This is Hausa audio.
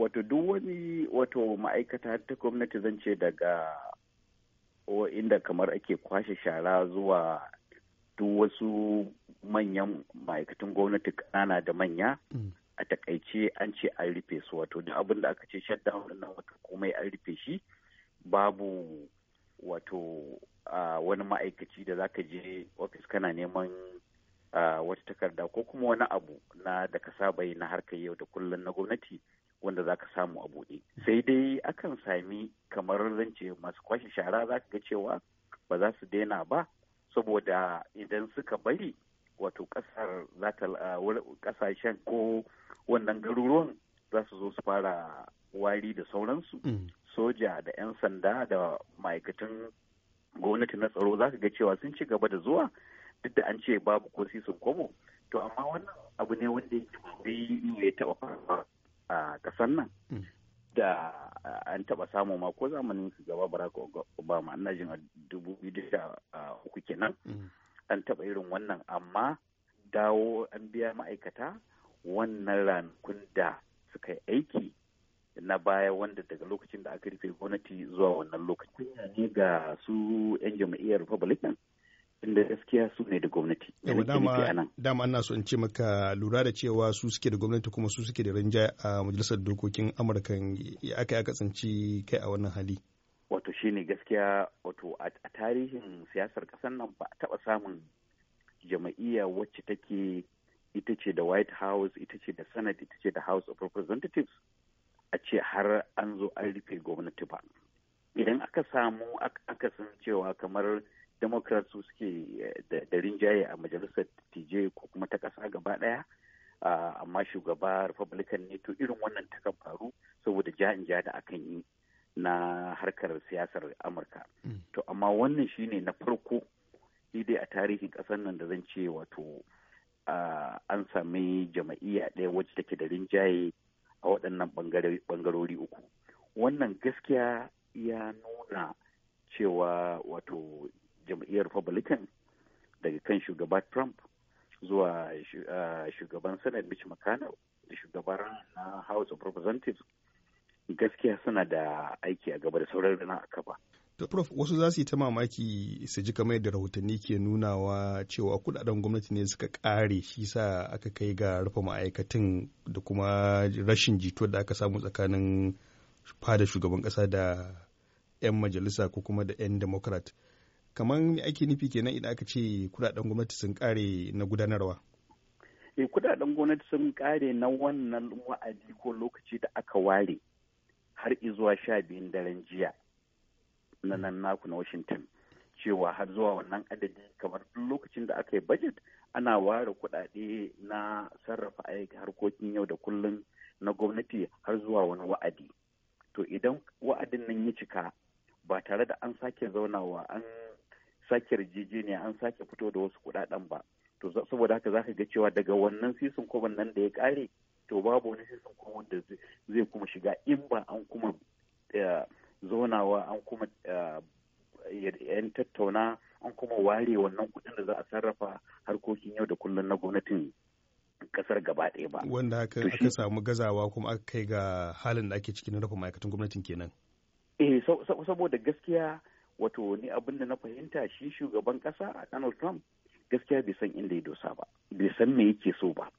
wato duk wani wato ma'aikata ta gwamnati zan ce daga inda kamar ake kwashe shara zuwa duk wasu manyan ma'aikatan gwamnati kanana da manya mm. a takaice an ce an rufe su wato duk abin da aka ce shutdown na wato komai an rufe shi babu wato wani ma'aikaci da zaka je ofis kana neman wata takarda ko kuma wani abu na da ka saba yi na harkar yau da kullum na gwamnati wanda za samu a buɗe sai dai akan sami kamar zance masu kwashe shara za ga cewa ba za su daina ba saboda idan suka bari wato ƙasar za ta ko wannan garuruwan za su zo su fara wari da sauransu mm. soja da 'yan sanda da ma'aikatan gwamnati na tsaro za ka ga cewa sun ci gaba da zuwa duk da an ce babu ko sisin komo to amma wannan abu ne wanda ya taɓa faruwa kasan nan mm. da eh, an taɓa samu ma ko zamanin su gaba Barack Obama ina jin a dubu biyu da eh, uku kenan mm. an taɓa irin wannan amma dawo an biya ma'aikata wannan ranakun da suka yi aiki na baya wanda daga lokacin da aka rufe gwamnati zuwa wannan lokacin ne ga su 'yan jam'iyyar republican inda gaskiya su ne da gwamnati. dama ana so in ce maka lura da cewa su suke da gwamnati kuma su suke da rinja a majalisar dokokin Amurka ya aka ya kasance kai a wannan hali. Wato shine gaskiya wato a tarihin siyasar ƙasar nan ba a taba samun jama'iyya wacce take ita ce da White House ita ce da Senate ita ce da House of Representatives a ce har an zo an rufe gwamnati ba. Idan aka samu aka san cewa kamar democrat su suke eh, da rinjaye a majalisar tj ko kuma ta kasa gaba daya ah, amma shugaba republican ne to irin wannan takan faru saboda ja'in ja da akan yi na harkar siyasar amurka hmm. to amma wannan shine na farko ni dai a tarihin kasar nan da zan ce wato ah, an sami jama'iyya ɗaya wacce take da rinjaye a waɗannan bangarori uku wannan gaskiya ya nuna cewa wato jam'iyyar republican daga kan shugaba trump zuwa shugaban senate mitch mcconnell da shugaban na house of representatives gaskiya suna da aiki a gaba da sauran rana a kafa to prof wasu za su yi ta mamaki su ji kamar da rahotanni ke nunawa cewa kudaden gwamnati ne suka kare shi sa aka kai ga rufe ma'aikatan da kuma rashin jito da aka samu tsakanin fada shugaban kasa da 'yan majalisa ko kuma da 'yan democrat kamar me ake nufi kenan idan aka ce kudaden gwamnati sun kare na gudanarwa eh kudaden gwamnati sun kare na wannan wa'adi ko lokaci da aka ware har izuwa sha biyun daren jiya na nan naku na washington cewa har zuwa wannan adadi kamar duk lokacin da aka yi budget ana ware kudade na sarrafa aiki harkokin yau da kullum na gwamnati har zuwa wani wa'adi to idan wa'adin nan ya cika ba tare da an sake zaunawa an sake yarjejeniya an sake fito da wasu kuɗaɗen ba to saboda haka zaka ga cewa daga wannan sisin kwaban nan da ya ƙare to babu wani sisin kwaban da zai kuma shiga in ba an kuma eh, zonawa an kuma eh, yan tattauna an kuma ware wannan kuɗin da za a sarrafa harkokin yau da kullum na gwamnatin kasar gaba ɗaya ba. Wanda aka, samu gazawa kuma aka kai ga halin da ake ciki na rufe ma'aikatan gwamnatin kenan. Eh saboda gaskiya wato ni abin da na fahimta shi shugaban kasa a donald trump gaskiya bai san inda ya dosa ba bai san me yake so ba